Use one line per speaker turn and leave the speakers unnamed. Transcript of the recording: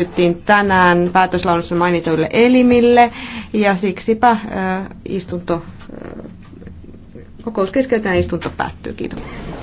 hyväksyttiin tänään päätöslaunnassa mainituille elimille ja siksipä istunto, kokous keskeytetään ja istunto päättyy. Kiitos.